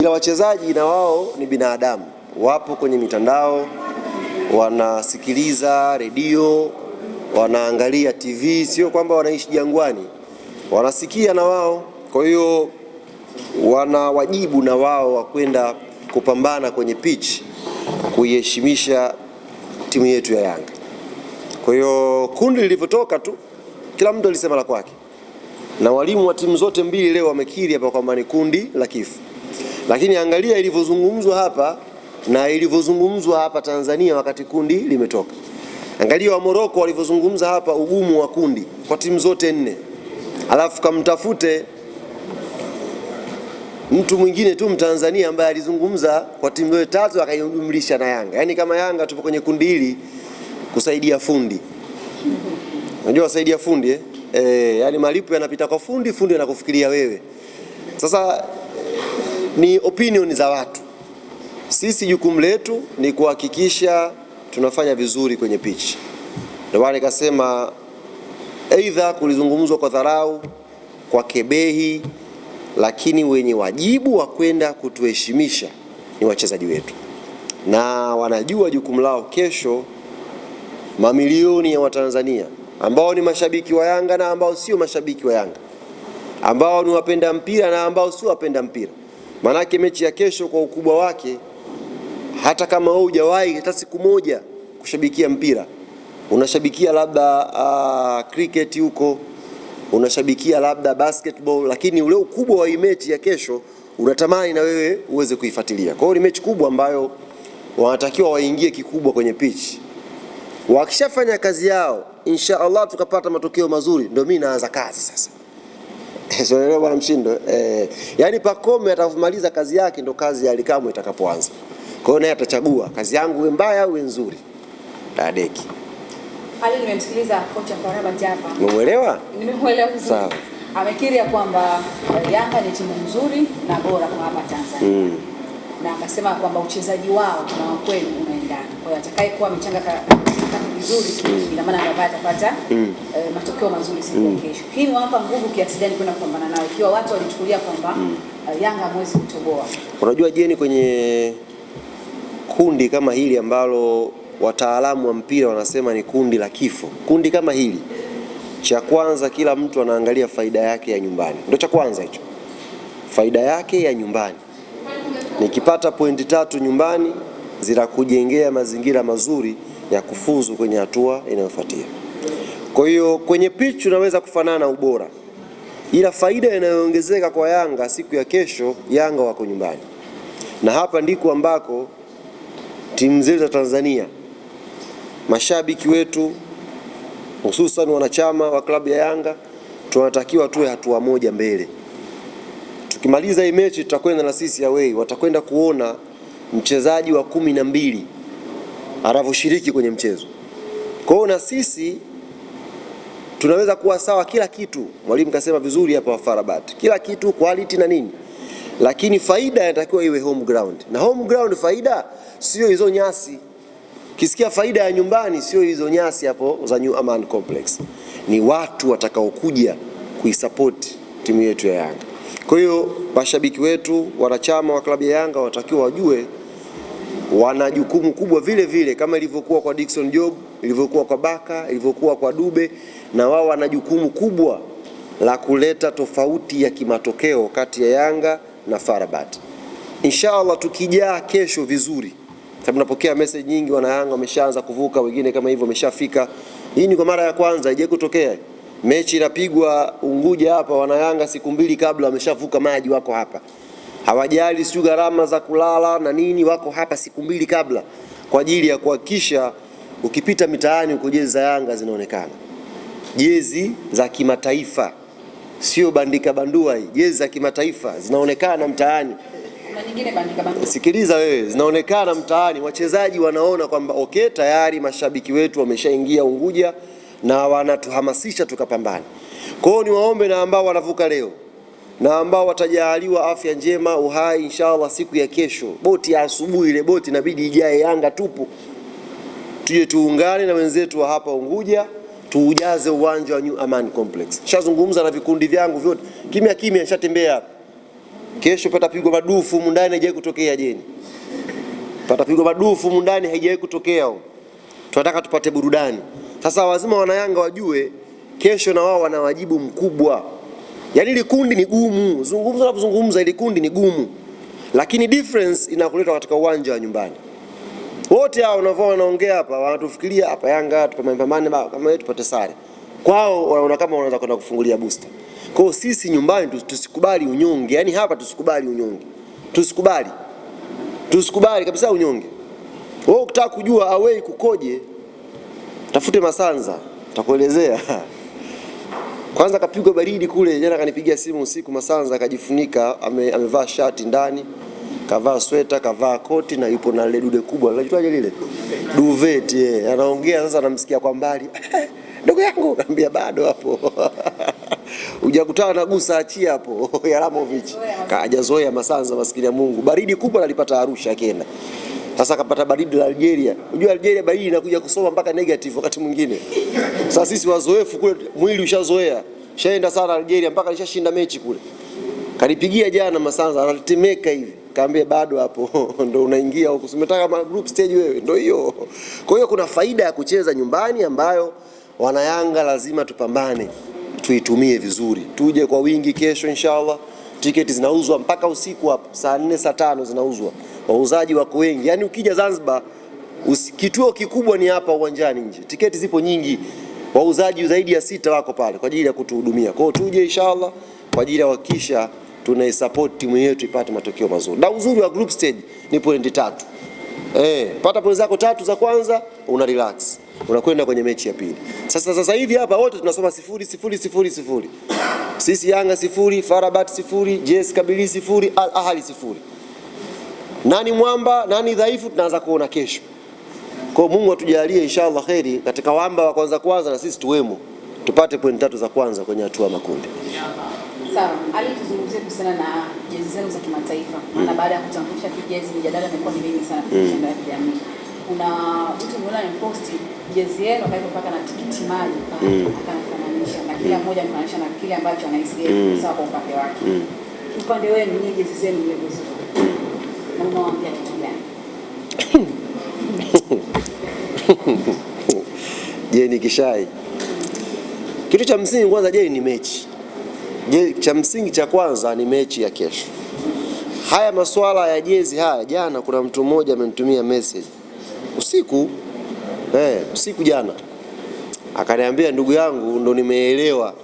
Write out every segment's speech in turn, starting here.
ila wachezaji na wao ni binadamu, wapo kwenye mitandao, wanasikiliza redio, wanaangalia TV, sio kwamba wanaishi jangwani, wanasikia na wao. Kwa hiyo wana wajibu na wao wa kwenda kupambana kwenye pitch kuiheshimisha timu yetu ya Yanga. Kwa hiyo kundi lilivyotoka tu, kila mtu alisema la kwake, na walimu wa timu zote mbili leo wamekiri hapa kwamba ni kundi la kifo. Lakini angalia ilivyozungumzwa hapa na ilivyozungumzwa hapa Tanzania wakati kundi limetoka. Angalia wa Moroko walivyozungumza hapa ugumu wa kundi kwa timu zote nne, alafu kamtafute mtu mwingine tu Mtanzania ambaye alizungumza kwa timu zote tatu akaijumlisha na Yanga. Yaani kama Yanga tupo kwenye kundi hili kusaidia fundi, unajua wasaidia fundi eh? E, eh, yani malipo yanapita kwa fundi, fundi anakufikiria wewe sasa ni opinion za watu. Sisi jukumu letu ni kuhakikisha tunafanya vizuri kwenye pitch. Ndio maana nikasema aidha kulizungumzwa kwa dharau, kwa kebehi, lakini wenye wajibu wa kwenda kutuheshimisha ni wachezaji wetu, na wanajua jukumu lao. Kesho mamilioni ya Watanzania ambao ni mashabiki wa Yanga na ambao sio mashabiki wa Yanga, ambao ni wapenda mpira na ambao sio wapenda mpira Maanake mechi ya kesho kwa ukubwa wake, hata kama wewe hujawahi hata siku moja kushabikia mpira, unashabikia labda uh, cricket huko, unashabikia labda basketball, lakini ule ukubwa wa mechi ya kesho unatamani na wewe uweze kuifuatilia. Kwa hiyo ni mechi kubwa ambayo wanatakiwa waingie kikubwa kwenye pitch. Wakishafanya kazi yao, insha Allah tukapata matokeo mazuri, ndio mimi naanza kazi sasa. Sielewa bwana Mshindo eh, yaani Pacome atavumaliza kazi yake ndo kazi ya Alikamwe itakapoanza. Kwa hiyo naye atachagua kazi yangu iwe mbaya au iwe nzuri. Dadeki. Pale nimemsikiliza kocha kwa Rabat hapa. Umeelewa? Nimeelewa vizuri. Sawa. Amekiri kwamba eh, Yanga ni timu nzuri na bora kwa hapa Tanzania. Mm na akasema kwamba uchezaji wao na wa kweli unaendana. Kwa hiyo atakayekuwa amechanga vizuri, mm. ina maana Gavana atapata mm. e, matokeo mazuri siku ya mm. kesho. Hii imewapa nguvu kiasi gani kwenda kupambana nao, ikiwa watu walichukulia kwamba mm. uh, Yanga hamwezi kutoboa. Unajua jeni kwenye kundi kama hili ambalo wataalamu wa mpira wanasema ni kundi la kifo, kundi kama hili cha kwanza, kila mtu anaangalia faida yake ya nyumbani, ndio cha kwanza hicho, faida yake ya nyumbani. Nikipata pointi tatu nyumbani zinakujengea mazingira mazuri ya kufuzu kwenye hatua inayofuatia. Kwa hiyo kwenye pitch unaweza kufanana ubora, ila faida inayoongezeka kwa Yanga siku ya kesho, Yanga wako nyumbani, na hapa ndiko ambako timu zetu za Tanzania, mashabiki wetu hususan wanachama wa klabu ya Yanga tunatakiwa tuwe hatua moja mbele. Tukimaliza hii mechi tutakwenda na sisi away, watakwenda kuona mchezaji wa kumi na mbili anavyoshiriki kwenye mchezo. Kwa hiyo na sisi tunaweza kuwa sawa kila kitu, mwalimu kasema vizuri hapa Farabat, kila kitu quality na nini, lakini faida inatakiwa iwe home ground. Na home ground faida sio hizo nyasi Kisikia faida ya nyumbani sio hizo nyasi hapo za New Aman Complex, ni watu watakaokuja kuisupport timu yetu ya Yanga. Kwa hiyo mashabiki wetu, wanachama wa klabu ya Yanga watakiwa wajue wana jukumu kubwa vile vile kama ilivyokuwa kwa Dickson Job, ilivyokuwa kwa Baka, ilivyokuwa kwa Dube, na wao wana jukumu kubwa la kuleta tofauti ya kimatokeo kati ya Yanga na Farabat. Inshallah tukijaa kesho vizuri, sababu napokea message nyingi, wana Yanga wameshaanza kuvuka, wengine kama hivyo wameshafika. Hii ni kwa mara ya kwanza, haijawahi kutokea mechi inapigwa Unguja hapa, wanayanga siku mbili kabla wameshavuka maji, wako hapa, hawajali sio gharama za kulala na nini, wako hapa siku mbili kabla kwa ajili ya kuhakikisha ukipita mitaani huko jezi za Yanga zinaonekana, jezi za kimataifa, sio bandika bandua hii. Jezi za kimataifa zinaonekana mtaani, sikiliza wewe, zinaonekana mtaani, wachezaji wanaona kwamba okay, tayari mashabiki wetu wameshaingia Unguja na wanatuhamasisha tukapambane. Kwa hiyo niwaombe na ambao wanavuka leo na ambao watajaaliwa afya njema, uhai inshallah, siku ya kesho, boti ya asubuhi ile boti inabidi ijae Yanga tupu, tuje tuungane na wenzetu wa hapa Unguja tuujaze uwanja wa New Aman Complex. Nishazungumza na vikundi vyangu vyote kimya kimya, nishatembea. Kesho patapigwa madufu humu ndani, haijawahi kutokea jeni, patapigwa madufu humu ndani, haijawahi kutokea. Tunataka tupate burudani. Sasa lazima wanayanga wajue kesho na wao wana wajibu mkubwa. Yaani ile kundi ni gumu, zungumza na kuzungumza, ile kundi ni gumu, lakini difference inakuletwa katika uwanja wa nyumbani. Wote hao wanavyo wanaongea hapa, wanatufikiria hapa, Yanga tupambane kama tupate sare, kwao wanaona kama wanaweza kwenda kufungulia booster. Kwa hiyo sisi nyumbani tusikubali unyonge, yaani hapa tusikubali unyonge, tusikubali, tusikubali kabisa unyonge. Wewe ukitaka kujua away kukoje tafute Masanza, takuelezea. Kwanza kapigwa baridi kule jana, kanipigia simu usiku Masanza, akajifunika ame, amevaa shati ndani, kavaa sweta, kavaa koti na yupo na lile dude kubwa, unajitaje lile duvet yeah. anaongea sasa, namsikia kwa mbali ndugu yangu, naambia bado hapo hujakutana na gusa, achia hapo Yaramovic, kajazoea Masanza, maskini ya Mungu. Baridi kubwa nalipata Arusha, akenda sasa akapata baridi la Algeria. Unajua Algeria baridi inakuja kusoma mpaka negative wakati mwingine. Sasa sisi wazoefu kule, mwili ushazoea. Shaenda sana Algeria mpaka alishashinda mechi kule. Kanipigia jana Masanza anatemeka hivi. Kaambia bado hapo ndo unaingia huko. Umetaka ma group stage wewe. ndo hiyo. Kwa hiyo kuna faida ya kucheza nyumbani ambayo wanayanga lazima tupambane. Tuitumie vizuri. Tuje kwa wingi kesho inshallah. Tiketi zinauzwa mpaka usiku hapo saa 4 saa 5 zinauzwa wauzaji wako wengi. Yaani ukija Zanzibar, kituo kikubwa ni hapa uwanjani nje, tiketi zipo nyingi, wauzaji zaidi ya sita wako pale kwa ajili ya kutuhudumia. Kwa hiyo tuje inshallah kwa ajili ya kuhakikisha tunaisupport timu yetu ipate matokeo mazuri, na uzuri wa group stage ni pointi tatu. Eh, pata pointi zako tatu za kwanza una relax unakwenda kwenye mechi ya pili. Sasa sasa hivi hapa wote tunasoma sifuri sifuri sifuri sifuri, sisi Yanga sifuri, Farabat sifuri, JS Kabili sifuri, Al Ahli sifuri nani mwamba, nani dhaifu, tunaanza kuona kesho. Kwa Mungu atujalie inshallah kheri katika wamba wa kwanza kwanza, na sisi tuwemo, tupate point tatu za kwanza kwenye hatua ya makundi. Sawa, Ali, tuzungumzie kuhusiana na jezi zenu za kimataifa mm. na baada ya kutambulisha kijezi, mjadala imekuwa ni mingi sana kwenye mm. mitandao ya kijamii. Kuna mtu mmoja aliposti jezi yenu kaiko paka na tikiti maji mm. akafananisha na kila mmoja anafananisha na kile ambacho anahisi yeye sawa kwa upande wake. Mm. Upande wenu nyinyi jezi zenu mmeguswa unamwambia Je, ni kishai kitu cha msingi kwanza. Je, ni mechi. Je, cha msingi cha kwanza ni mechi ya kesho. Haya masuala ya jezi haya, jana kuna mtu mmoja amenitumia message usiku eh, usiku jana akaniambia, ndugu yangu, ndo nimeelewa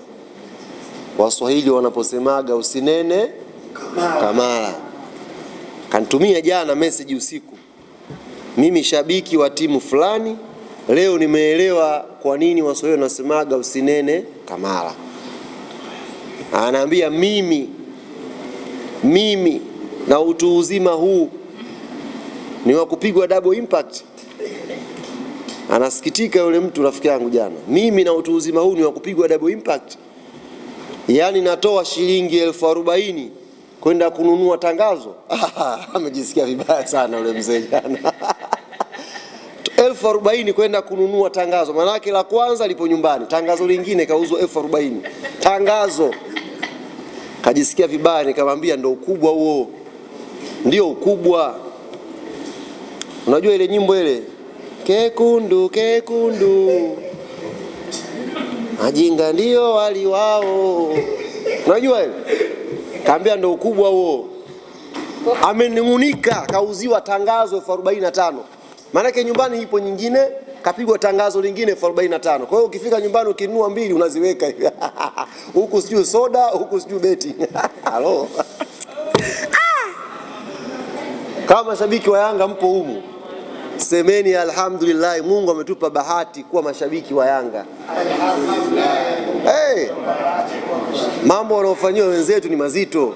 Waswahili wanaposemaga usinene kamara. Kanitumia jana message usiku, mimi shabiki wa timu fulani, leo nimeelewa kwa nini Waswahili wanasemaga usinene Kamara. Anaambia mimi mimi na utu uzima huu ni wa kupigwa double impact. Anasikitika yule mtu, rafiki yangu jana, mimi na utu uzima huu ni wa kupigwa double impact, yaani natoa shilingi elfu arobaini kwenda kununua tangazo. Amejisikia vibaya sana yule mzee jana. elfu arobaini kwenda kununua tangazo, maanake la kwanza lipo nyumbani, tangazo lingine kauzwa elfu arobaini tangazo. Kajisikia vibaya, nikamwambia ndo ukubwa huo, ndio ukubwa. Unajua ile nyimbo ile kekundu kekundu, majinga ndio wali wao, unajua ile Kaambia ndo ukubwa huo. Amenung'unika, kauziwa tangazo elfu arobaini na tano. Maanake nyumbani ipo nyingine, kapigwa tangazo lingine elfu arobaini na tano. Kwa hiyo ukifika nyumbani ukinunua mbili unaziweka hivi. Huku sijui soda, huku sijui beti. Halo. Ah! Kama mashabiki wa Yanga mpo humu, semeni alhamdulillah, Mungu ametupa bahati kuwa mashabiki wa Yanga. Alhamdulillah. Eh, Mambo wanaofanyiwa wenzetu ni mazito,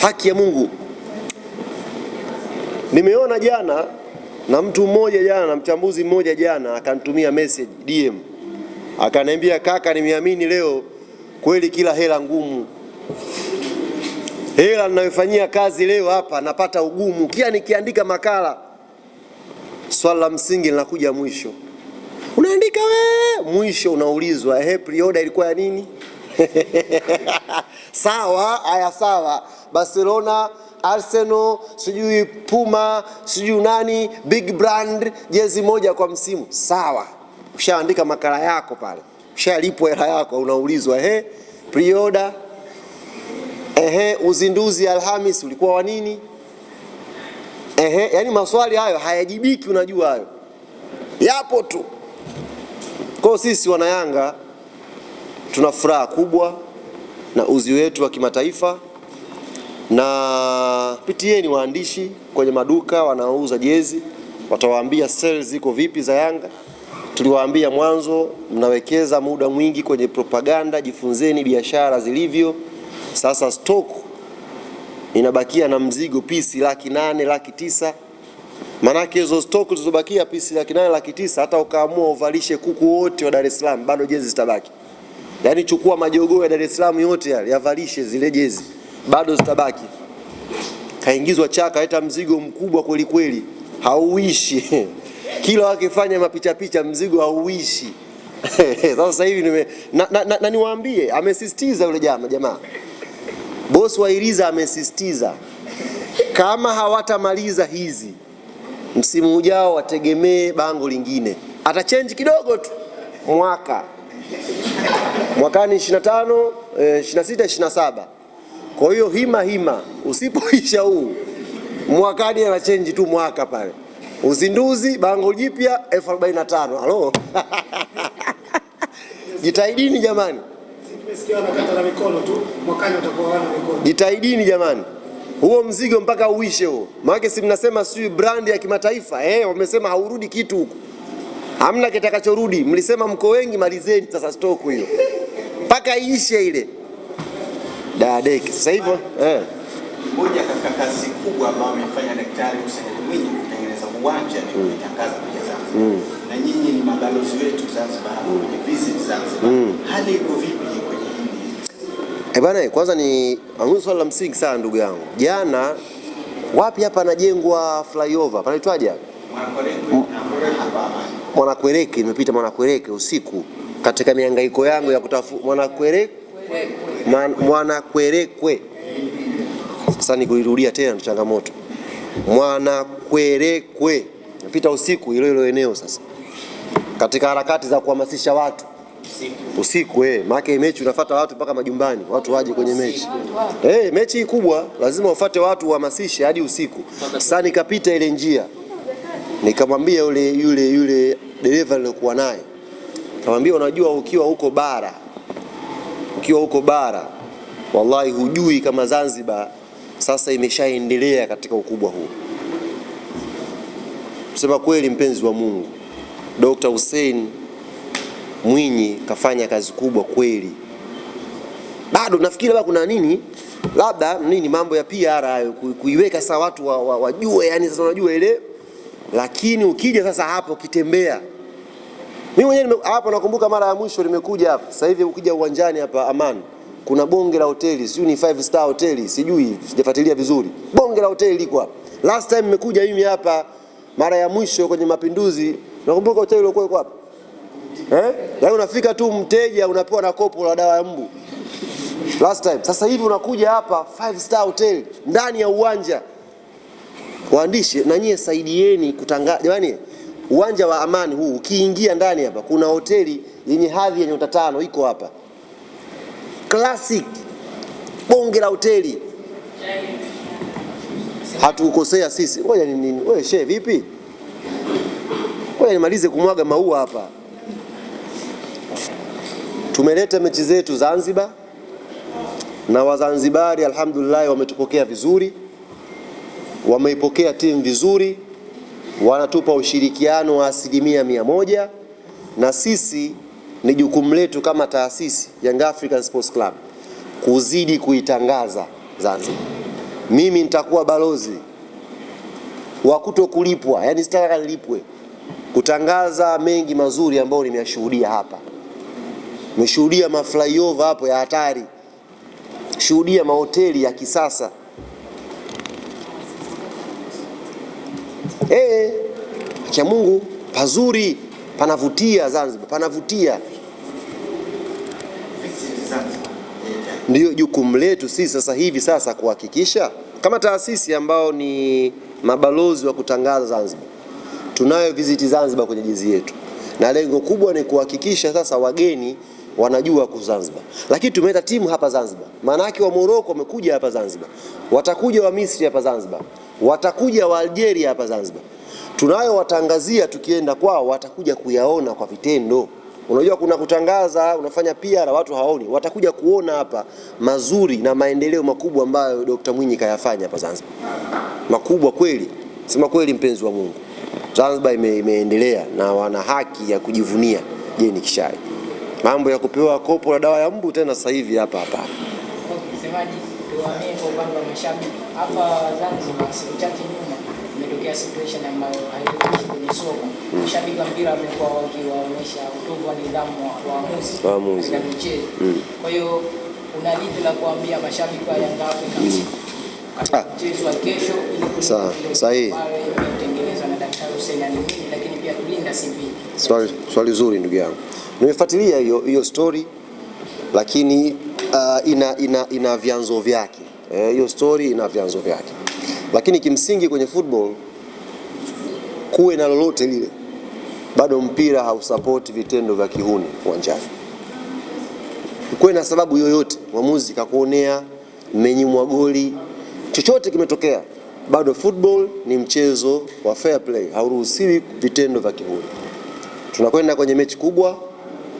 haki ya Mungu. Nimeona jana na mtu mmoja jana na mchambuzi mmoja jana akanitumia message DM akaniambia, kaka, nimeamini leo kweli, kila hela ngumu, hela ninayofanyia kazi leo hapa napata ugumu, kila nikiandika makala swala la msingi linakuja mwisho. Unaandika we, mwisho unaulizwa, ehe, pre-order ilikuwa ya nini? Sawa, haya sawa. Barcelona, Arsenal, sijui Puma, sijui nani, big brand, jezi moja kwa msimu. Sawa, ushaandika makala yako pale, ushalipwa hela yako, unaulizwa he, prioda ehe, uzinduzi Alhamis ulikuwa wa nini? Ehe, yani maswali hayo hayajibiki, unajua hayo yapo tu. Kwa sisi wanayanga Yanga Tuna furaha kubwa na uzi wetu wa kimataifa, na pitieni waandishi kwenye maduka wanaouza jezi, watawaambia sales ziko vipi za Yanga. Tuliwaambia mwanzo, mnawekeza muda mwingi kwenye propaganda, jifunzeni biashara zilivyo. Sasa stock inabakia na mzigo pisi laki nane laki tisa Maanake hizo stock zilizobakia pisi laki nane laki tisa hata ukaamua uvalishe kuku wote wa Dar es Salaam bado jezi zitabaki. Yaani chukua majogoo ya Dar es Salaam yote yale yavalishe zile jezi, bado zitabaki. Kaingizwa Chaka eta mzigo mkubwa kweli kweli, hauishi kila wakifanya mapichapicha mzigo hauishi. Sasa hivi nime na, na, na, na niwaambie, amesisitiza yule jamaa jamaa, Boss wa Iriza amesisitiza kama hawatamaliza hizi msimu ujao wategemee bango lingine, Atachange kidogo tu mwaka mwakani 25 26 27. Kwa hiyo hima hima, usipoisha huu mwakani anachenji tu mwaka pale. Uzinduzi bango jipya elfu arobaini Halo, jitahidini jamani, jitahidini jamani, huo mzigo mpaka uishe huo, maana si mnasema sijui brandi ya kimataifa eh, wamesema haurudi kitu huko hamna kitakachorudi. Mlisema mko wengi, malizeni sasa stock hiyo mpaka iishe ile dadeki. Sasa hivyo eh moja katika kazi kubwa ambayo amefanya Daktari Hussein Mwinyi kutengeneza uwanja ni kutangaza kuja Zanzibar. Mm. Na nyinyi ni mabalozi wetu Zanzibar, mm. kwenye visit Zanzibar. Mm. Hali iko vipi kwenye hili? Eh, bwana, kwanza ni swali la msingi sana ndugu yangu. Jana wapi hapa anajengwa flyover? Panaitwaje? Mwanakwerekwe hapa. Mwanakwereke, nimepita Mwanakwereke usiku katika miangaiko yangu ya kutafuta Mwanakwereke, Mwanakwerekwe. Sasa nikuirudia tena, ni changamoto. Mwanakwerekwe, nimepita usiku ilo hilo eneo. Sasa katika harakati za kuhamasisha watu usiku eh, maana mechi unafuata watu mpaka majumbani, watu waje kwenye mechi eh, mechi kubwa, lazima ufate watu uhamasishe hadi usiku. Sasa nikapita ile njia Nikamwambia yule yule yule dereva nilikuwa naye, kamwambia unajua, ukiwa huko bara, ukiwa huko bara, wallahi hujui kama Zanzibar sasa imeshaendelea katika ukubwa huu. Kusema kweli, mpenzi wa Mungu, Dr. Hussein Mwinyi kafanya kazi kubwa kweli. Bado nafikiri labda kuna nini labda nini mambo ya PR hayo kuiweka saa watu wajue wa, wa, yani sasa unajua ile lakini ukija sasa hapo ukitembea, mimi mwenyewe hapo nakumbuka mara ya mwisho nimekuja hapa, sasa hivi ukija uwanjani hapa Aman kuna bonge la hoteli, sijui ni five star hoteli, sijui sijafuatilia vizuri, bonge la hoteli liko hapa. Last time nimekuja mimi hapa mara ya mwisho kwenye Mapinduzi, nakumbuka hoteli ilikuwa iko hapa eh, yaani unafika tu mteja unapewa na kopo la dawa ya mbu last time. Sasa hivi unakuja hapa five star hotel ndani ya uwanja waandishi na nyie saidieni kutangaza. Jamani, uwanja wa Amani huu ukiingia ndani hapa kuna hoteli yenye hadhi ya nyota tano iko hapa, classic bonge la hoteli, hatukukosea sisi. Ngoja nini wewe, shehe vipi? Ngoja nimalize kumwaga maua hapa. Tumeleta mechi zetu Zanzibar na Wazanzibari alhamdulillah wametupokea vizuri wameipokea timu vizuri, wanatupa ushirikiano wa asilimia mia moja, na sisi ni jukumu letu kama taasisi Young African Sports Club kuzidi kuitangaza Zanzibar. Mimi nitakuwa balozi wa kuto kulipwa, yani sitaka nilipwe, kutangaza mengi mazuri ambayo nimeyashuhudia hapa. Nimeshuhudia maflyover hapo ya hatari, shuhudia mahoteli ya kisasa Eh, ee, haki ya Mungu pazuri, panavutia. Zanzibar panavutia, ndio jukumu letu sisi sasa hivi sasa kuhakikisha kama taasisi ambao ni mabalozi wa kutangaza Zanzibar, tunayo viziti Zanzibar kwenye jezi yetu, na lengo kubwa ni kuhakikisha sasa wageni wanajua ku Zanzibar, lakini tumeleta timu hapa Zanzibar, maana yake wa Moroko wamekuja hapa Zanzibar, watakuja wa Misri hapa Zanzibar. Watakuja wa Algeria hapa Zanzibar, tunayowatangazia tukienda kwao watakuja kuyaona kwa vitendo. Unajua, kuna kutangaza unafanya pia na watu hawaoni, watakuja kuona hapa mazuri na maendeleo makubwa ambayo Dr. Mwinyi kayafanya hapa Zanzibar, makubwa kweli. Sema kweli, mpenzi wa Mungu, Zanzibar ime, imeendelea na wana haki ya kujivunia. Je, ni kishai mambo ya kupewa kopo la dawa ya mbu tena sasa hivi hapa hapa tuamie kwa upande wa mashabiki hapa Zanzibar, siku chache nyuma imetokea situation ambayo kwenye soka. Mashabiki wa mpira wamekuwa wakiwaonyesha utovu wa nidhamu wa waamuzi michezo. Mm. Kwa hiyo una lipi la kuambia mashabiki wa mm. mchezo wa kesho, ili sahihi kutengeneza na Daktari Hussein Ali Mwinyi, lakini pia kulinda CV? Swali zuri ndugu yangu, nimefuatilia hiyo hiyo story lakini uh, ina, ina, ina vyanzo vyake eh, hiyo eh, story ina vyanzo vyake, lakini kimsingi kwenye football kuwe na lolote lile, bado mpira hausapoti vitendo vya kihuni uwanjani. Kuwe na sababu yoyote, mwamuzi kakuonea, mmenyimwa goli, chochote kimetokea, bado football ni mchezo wa fair play, hauruhusiwi vitendo vya kihuni. Tunakwenda kwenye mechi kubwa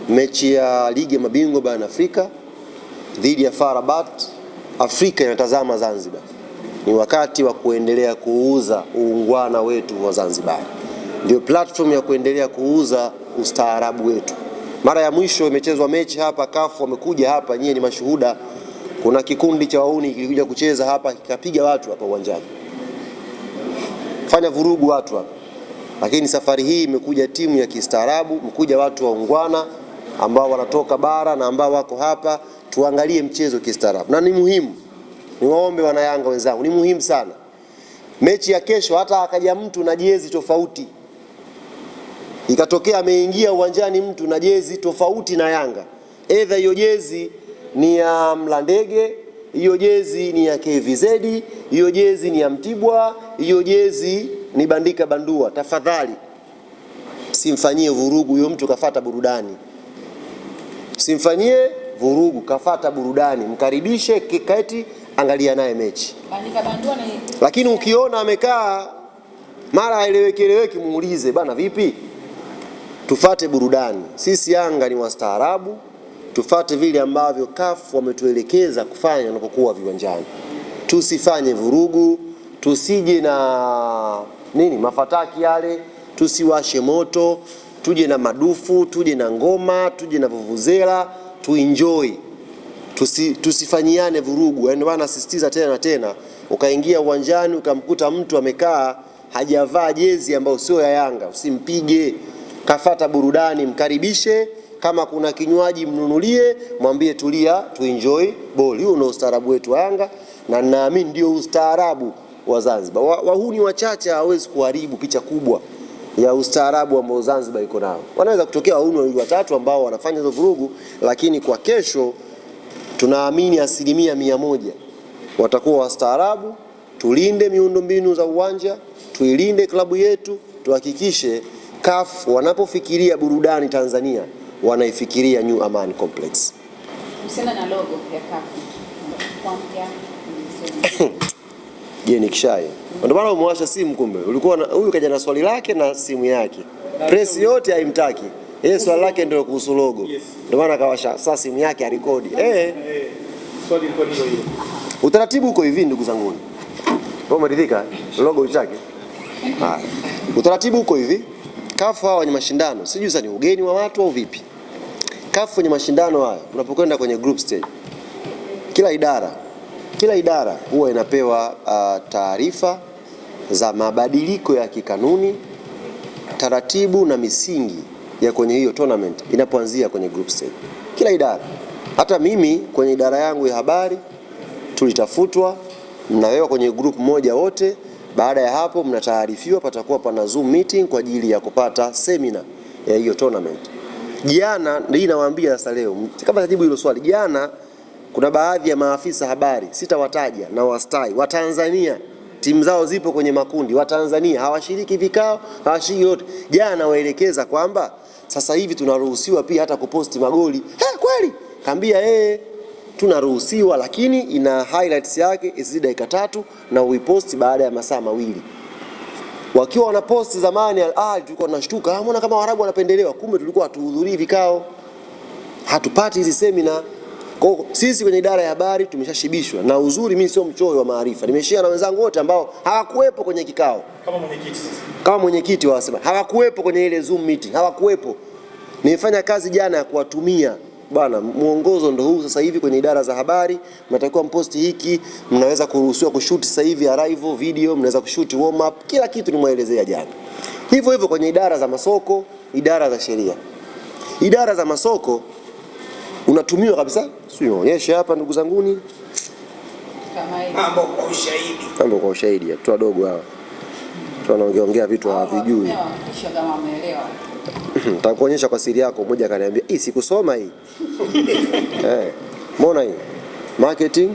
mechi ya ligi ya mabingwa barani Afrika dhidi ya FAR Rabat. Afrika inatazama Zanzibar, ni wakati wa kuendelea kuuza uungwana wetu wa Zanzibar, ndio platform ya kuendelea kuuza ustaarabu wetu. Mara ya mwisho imechezwa mechi hapa, kafu wamekuja hapa, nyie ni mashuhuda. Kuna kikundi cha wauni kilikuja kucheza hapa kikapiga watu hapa uwanjani, fanya vurugu watu hapa, lakini safari hii imekuja timu ya kistaarabu, mkuja watu waungwana ambao wanatoka bara na ambao wako hapa, tuangalie mchezo kistaarabu, na ni muhimu. Niwaombe wanayanga wenzangu, ni muhimu sana mechi ya kesho. Hata akaja mtu na jezi tofauti, ikatokea ameingia uwanjani mtu na jezi tofauti na Yanga, edha hiyo jezi ni ya Mlandege, hiyo jezi ni ya KVZ, hiyo jezi ni ya Mtibwa, hiyo jezi ni Bandika Bandua, tafadhali simfanyie vurugu huyo mtu, kafata burudani simfanyie vurugu, kafata burudani, mkaribishe, kiketi, angalia naye mechi. Lakini ukiona amekaa mara haeleweki eleweki, muulize bana, vipi? Tufate burudani. Sisi Yanga ni wastaarabu, tufate vile ambavyo CAF wametuelekeza kufanya unapokuwa viwanjani. Tusifanye vurugu, tusije na nini mafataki yale, tusiwashe moto tuje na madufu, tuje na ngoma, tuje na vuvuzela, tuenjoy tusi, tusifanyiane vurugu. Yaani bwana, nasisitiza tena na tena, ukaingia uwanjani ukamkuta mtu amekaa hajavaa jezi ambayo sio ya Yanga, usimpige. Kafata burudani, mkaribishe. Kama kuna kinywaji mnunulie, mwambie tulia, tuenjoy boli Huo ndio ustaarabu wetu wa Yanga, na naamini ndio ustaarabu wa Zanzibar. Wahuni wachache hawezi kuharibu picha kubwa ya ustaarabu ambao Zanzibar iko nao. Wanaweza kutokea wauni wawili watatu ambao wanafanya hizo vurugu, lakini kwa kesho tunaamini asilimia mia moja watakuwa wastaarabu. Tulinde miundombinu za uwanja, tuilinde klabu yetu, tuhakikishe CAF wanapofikiria burudani Tanzania wanaifikiria New Amaan Complex. Je, ni kishai? Ndio maana umewasha simu, kumbe ulikuwa huyu kaja na swali lake na simu yake, press yote haimtaki yeye, swali lake ndio kuhusu logo, ndio maana akawasha. saa simu yake arekodi eh, swali liko hilo hilo. Utaratibu uko hivi, ndugu zangu, umeridhika logo chake. utaratibu uko hivi, kafu hawa wenye mashindano, sijui sasa ni ugeni wa watu au vipi, kafu wenye mashindano haya, unapokwenda kwenye group stage, kila idara kila idara huwa inapewa uh, taarifa za mabadiliko ya kikanuni, taratibu na misingi ya kwenye hiyo tournament inapoanzia kwenye group stage. Kila idara, hata mimi kwenye idara yangu ya habari tulitafutwa, mnawekwa kwenye group moja wote. Baada ya hapo, mnataarifiwa patakuwa pana Zoom meeting kwa ajili ya kupata seminar ya hiyo tournament. Jana hii nawaambia sasa, leo kama tajibu hilo swali jana kuna baadhi ya maafisa habari sitawataja na wastai wa Tanzania timu zao zipo kwenye makundi, wa Tanzania hawashiriki vikao, hawashiriki yote. Jana waelekeza kwamba sasa hivi tunaruhusiwa pia hata kuposti magoli. Eh, kweli kaambia yeye tunaruhusiwa, lakini ina highlights yake isizidi dakika tatu na uiposti baada ya masaa mawili. Wakiwa wanaposti zamani, Al Ahly tulikuwa tunashtuka, ah, mbona kama Waarabu wanapendelewa? Kumbe tulikuwa hatuhudhurii vikao, hatupati hizi semina. Kwa sisi kwenye idara ya habari tumeshashibishwa, na uzuri mimi sio mchoyo wa maarifa, nimeshia na wenzangu wote ambao hawakuwepo kwenye kikao, kama mwenyekiti kama mwenyekiti wasema hawakuwepo kwenye ile Zoom meeting, hawakuwepo. Nimefanya kazi jana ya kuwatumia Bwana, mwongozo ndio huu sasa hivi kwenye idara za habari, mnatakiwa mposti hiki, mnaweza kuruhusiwa kushoot sasa hivi arrival video, mnaweza kushoot warm up, kila kitu nimwaelezea jana. Hivyo hivyo kwenye idara za masoko, idara za sheria, idara za masoko unatumiwa kabisa, si hapa ndugu zanguni, mambo kwa ushahidi. Watoto wadogo hawa wanaongeaongea vitu hawavijui. Nitakuonyesha kwa siri yako. Mmoja akaniambia hii sikusoma hii eh, mbona hii marketing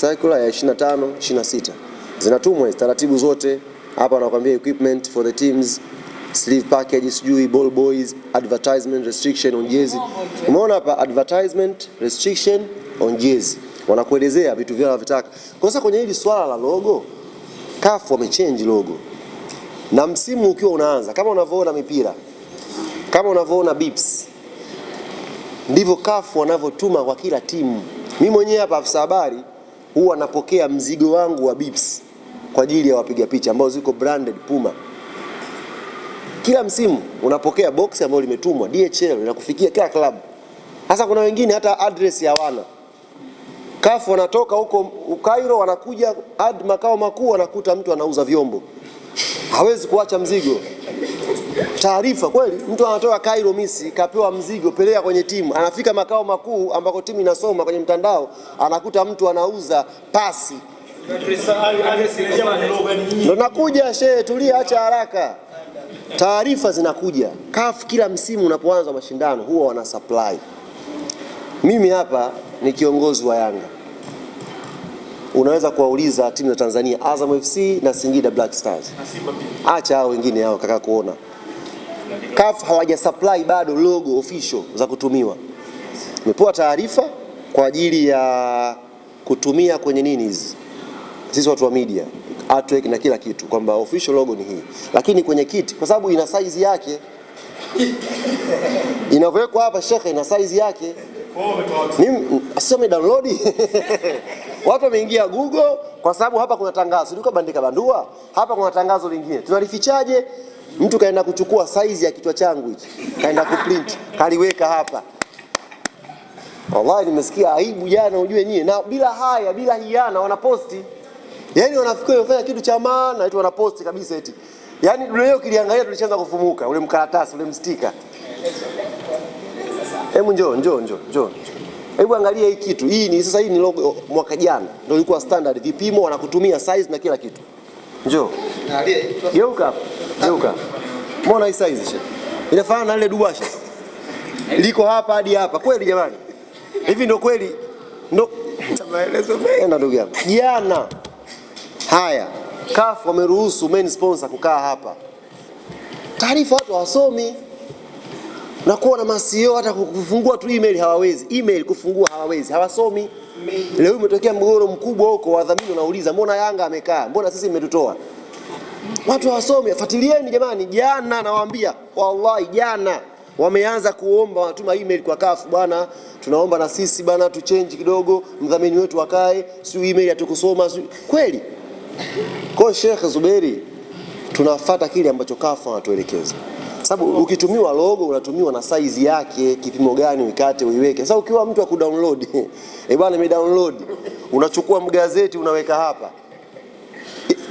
circular ya 25 26 zinatumwa taratibu zote hapa, anakuambia equipment for the teams sleeve package, sijui ball boys, advertisement restriction on jezi. Umeona hapa advertisement restriction on jezi, wanakuelezea vitu vyao vitaka. Kwa sasa kwenye hili swala la logo, CAF wamechange logo, na msimu ukiwa unaanza, kama unavyoona mipira, kama unavyoona bips, ndivyo CAF wanavyotuma kwa kila timu. Mimi mwenyewe hapa afisa habari huwa napokea mzigo wangu wa bips kwa ajili ya wapiga picha ambao ziko branded Puma. Kila msimu unapokea boksi ambayo limetumwa DHL kufikia kila klabu. Sasa kuna wengine hata address hawana. CAF wanatoka huko Cairo wanakuja ad makao makuu wanakuta mtu anauza vyombo. Hawezi kuacha mzigo. Taarifa kweli, mtu anatoka Cairo Misri, kapewa mzigo pelea kwenye timu, anafika makao makuu ambako timu inasoma kwenye mtandao, anakuta mtu anauza pasi. Ndio nakuja shehe, tulia, acha haraka taarifa zinakuja. CAF kila msimu unapoanza mashindano huwa wana supply. Mimi hapa ni kiongozi wa Yanga, unaweza kuwauliza timu za Tanzania, Azam FC na Singida Black Stars, acha hao wengine hao kaka kuona CAF hawaja supply bado logo official za kutumiwa. Nimepewa taarifa kwa ajili ya kutumia kwenye nini hizi, sisi watu wa media artwork na kila kitu, kwamba official logo ni hii, lakini kwenye kiti, kwa sababu ina size yake inavyowekwa hapa shekhe, ina size yake. Mimi download watu wameingia Google, kwa sababu hapa kuna tangazo bandika bandua, hapa kuna tangazo lingine, tunalifichaje? Mtu kaenda kuchukua size ya kichwa changu hichi, kaenda kuprint, kaliweka hapa. Wallahi nimesikia aibu jana, ujue nyie, na bila haya bila hiana wanaposti Yaani wanafikiri wamefanya kitu cha maana, eti wanaposti kabisa eti. Yaani dunia hiyo kiliangalia tulishaanza kufumuka ule mkaratasi ule mstika. Hebu njoo njoo njoo njoo. Hebu angalia hii kitu. Hii ni sasa hii ni logo mwaka jana. Ndio ilikuwa standard vipimo wanakutumia size na kila kitu. Njoo. Geuka Geuka. Mbona hii size shit? Inafanana na ile dubasha. Liko hapa hadi hapa. Kweli jamani? Hivi ndio kweli. Ndio maelezo mengi Enda ndugu yangu. Jana Haya, CAF wameruhusu main sponsor kukaa hapa, taarifa watu hawasomi na kuona na masio hata kufungua tu email hawawezi, email kufungua hawawezi, hawasomi. Leo umetokea mgogoro mkubwa huko, wadhamini wanauliza mbona Yanga amekaa, mbona sisi mmetutoa? Watu hawasomi. Fuatilieni jamani, jana nawaambia, wallahi jana wameanza kuomba, wanatuma email kwa CAF, bwana, tunaomba na sisi bwana tuchenji kidogo, mdhamini wetu akae, sio email hatukusoma, sio kweli. Kwa hiyo Sheikh Zuberi, tunafuata kile ambacho kafu anatuelekeza, sababu ukitumiwa logo unatumiwa na size yake, kipimo gani uikate uiweke. Sasa ukiwa mtu akudownload eh bwana, mimi download unachukua mgazeti unaweka hapa.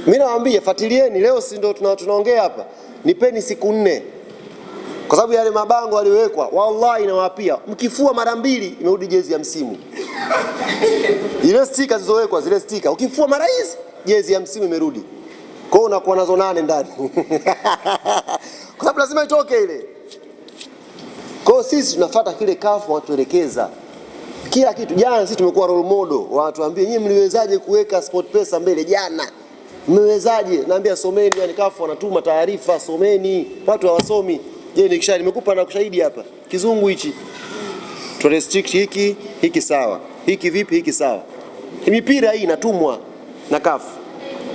Mimi nawaambia fuatilieni, leo si ndio tunaongea hapa, nipeni siku nne kwa sababu yale mabango yaliyowekwa, wallahi nawapia mkifua mara mbili imerudi jezi ya msimu. Ile stika zilizowekwa zile stika, ukifua mara hizi jezi ya msimu imerudi, kwa hiyo unakuwa nazo nane ndani kwa sababu lazima itoke ile. Kwa hiyo sisi tunafuata kile kafu watuelekeza kila kitu. Jana sisi tumekuwa role model, wanatuambia nyinyi mliwezaje kuweka sport pesa mbele jana mmewezaje? Naambia someni, yani kafu wanatuma taarifa, someni, watu hawasomi. Je, nikisha nimekupa na kushahidi hapa, kizungu hichi tu restrict hiki hiki, sawa hiki vipi, hiki sawa. Mipira hii inatumwa na kafu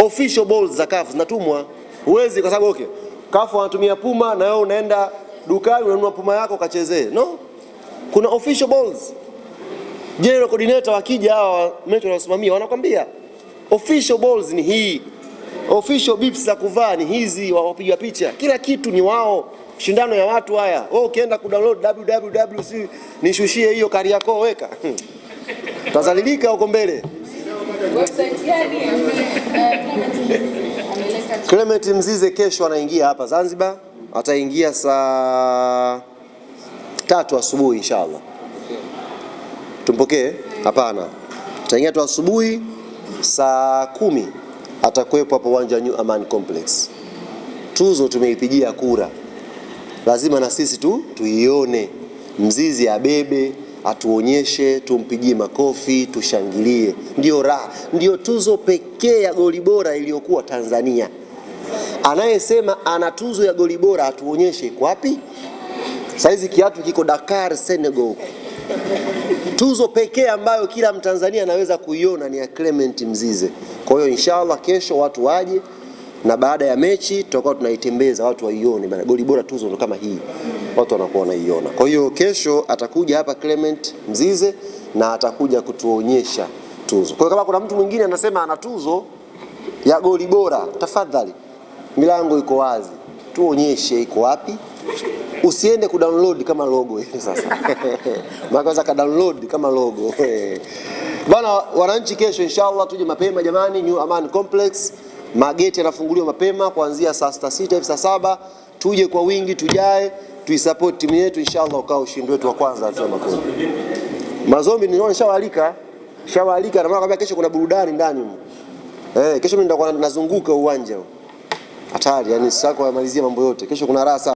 official balls za CAF zinatumwa. Huwezi kwa sababu okay, CAF wanatumia puma na wewe unaenda dukani unanunua puma yako kachezee. No, kuna official balls. General coordinator wakija hawa mechi wanasimamia wanakwambia official balls ni hii, official bips za kuvaa ni hizi, wapiga picha, kila kitu ni wao. Shindano ya watu haya, wewe ukienda download www, si nishushie hiyo Kariakoo weka utazalilika huko mbele. Uh, Clement Mzize kesho anaingia hapa Zanzibar, ataingia saa tatu asubuhi inshallah. Tumpokee? Hapana, ataingia tu asubuhi saa kumi atakuwepo hapo uwanja New Aman Complex. Tuzo tumeipigia kura, lazima na sisi tu tuione, Mzizi abebe atuonyeshe, tumpigie makofi, tushangilie. Ndiyo raha, ndiyo tuzo pekee ya goli bora iliyokuwa Tanzania. Anayesema ana tuzo ya goli bora atuonyeshe iko wapi? Saizi kiatu kiko Dakar, Senegal. Tuzo pekee ambayo kila Mtanzania anaweza kuiona ni ya Clement Mzize. Kwa hiyo inshallah, kesho watu waje na baada ya mechi tutakuwa tunaitembeza watu waione bana, goli bora tuzo ndo kama hii, watu wanakuwa wanaiona. Kwa hiyo kesho atakuja hapa Clement Mzize na atakuja kutuonyesha tuzo. Kwa hiyo kama kuna mtu mwingine anasema ana tuzo ya goli bora, tafadhali, milango iko wazi, tuonyeshe iko wapi. Usiende download kama logo sasa unaweza ka download kama logo bana. Wananchi, kesho inshallah tuje mapema jamani, New Aman Complex. Mageti yanafunguliwa mapema kuanzia saa sita hivi saa saba. Tuje kwa wingi, tujae, tuisupport timu yetu inshallah, ukawa ushindi wetu wa kwanza hatua makundi. Mazombi niliona nishawaalika, nishawaalika na maana kesho kuna burudani ndani huko. Eh, kesho mimi nitakuwa nazunguka uwanja huo. Hatari, yani sitaki kumalizia mambo yote. Kesho kuna raha.